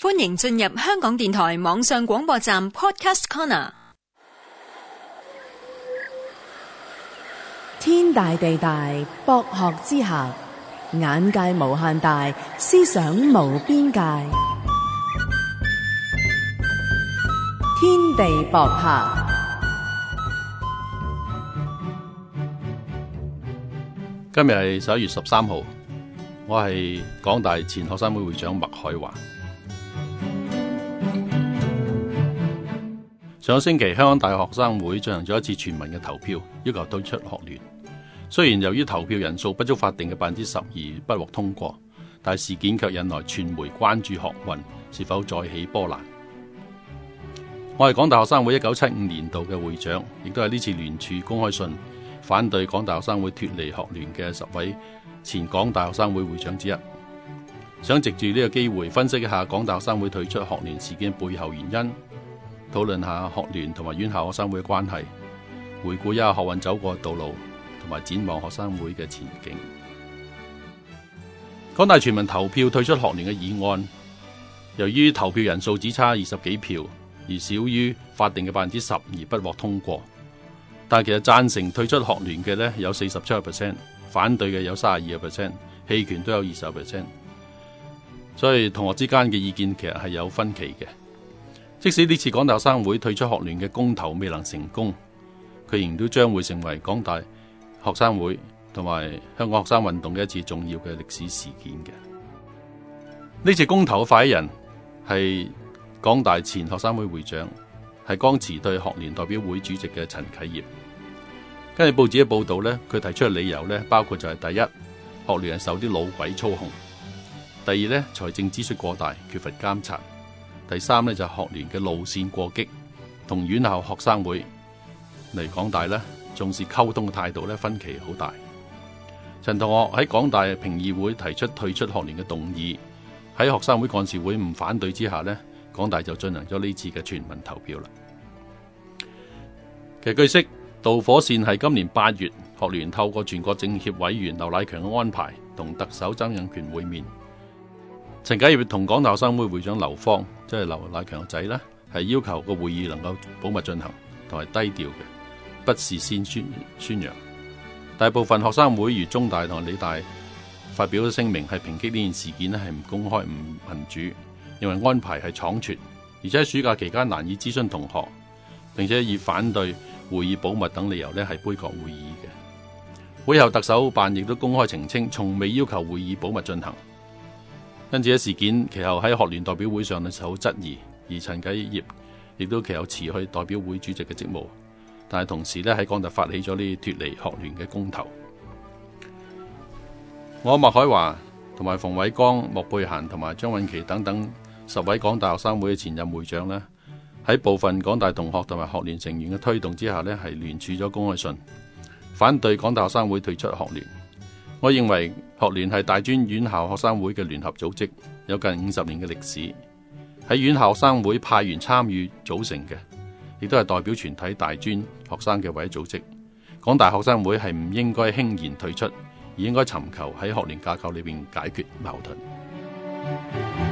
歡迎進入香港電台網上廣播站 Podcast Corner。天大地大，博學之下；眼界無限大，思想無邊界。天地博客。今日係十一月十三號，我係港大前學生會會長麥海華。上個星期，香港大學生會進行咗一次全民嘅投票，要求退出學聯。雖然由於投票人數不足法定嘅百分之十二，不獲通過，但事件卻引來傳媒關注學運是否再起波瀾。我係港大學生會一九七五年度嘅會長，亦都係呢次聯署公開信反對港大學生會脫離學聯嘅十位前港大學生會會長之一。想藉住呢個機會分析一下港大學生會退出學聯事件嘅背後原因。討論下學聯同埋院校學生會嘅關係，回顧一下學運走過嘅道路，同埋展望學生會嘅前景。港大全民投票退出學聯嘅議案，由於投票人數只差二十幾票，而少於法定嘅百分之十而不獲通過。但係其實贊成退出學聯嘅咧有四十七個 percent，反對嘅有卅二個 percent，棄權都有二十個 percent。所以同學之間嘅意見其實係有分歧嘅。即使呢次港大學生會退出學聯嘅公投未能成功，佢仍然都將會成為港大學生會同埋香港學生運動嘅一次重要嘅歷史事件嘅。呢次公投嘅發起人係港大前學生會會長，係剛辭退學聯代表會主席嘅陳啟業。根據報紙嘅報道呢，佢提出嘅理由包括就係第一，學聯係受啲老鬼操控；第二，財政支出過大，缺乏監察。第三咧就係，學聯嘅路線過激，同院校學生會嚟港大呢，重視溝通嘅態度呢分歧好大。陳同學喺港大評議會提出退出學聯嘅動議，喺學生會幹事會唔反對之下呢，港大就進行咗呢次嘅全民投票啦。其實據悉，導火線係今年八月學聯透過全國政協委員劉乃強嘅安排，同特首曾蔭權會面。陳繼業同港大學生會會長劉芳，即係劉乃強仔呢係要求個會議能夠保密進行同埋低調嘅，不事先宣宣揚。大部分學生會如中大同理大發表咗聲明，係抨擊呢件事件呢係唔公開唔民主，認為安排係搶權，而且喺暑假期間難以諮詢同學，並且以反對會議保密等理由呢係杯葛會議嘅。會後特首辦亦都公開澄清，從未要求會議保密進行。因此事件，其後喺學聯代表會上就好質疑，而陳繼業亦都其後辭去代表會主席嘅職務。但係同時呢，喺港大發起咗呢脫離學聯嘅公投。我麥海華同埋馮偉光、莫貝賢同埋張韻琪等等十位港大學生會嘅前任會長呢，喺部分港大同學同埋學聯成員嘅推動之下呢，係聯署咗公開信，反對港大學生會退出學聯。我認為學聯係大專院校學生會嘅聯合組織，有近五十年嘅歷史，喺院校學生會派員參與組成嘅，亦都係代表全體大專學生嘅唯一組織。港大學生會係唔應該輕言退出，而應該尋求喺學聯架構裏面解決矛盾。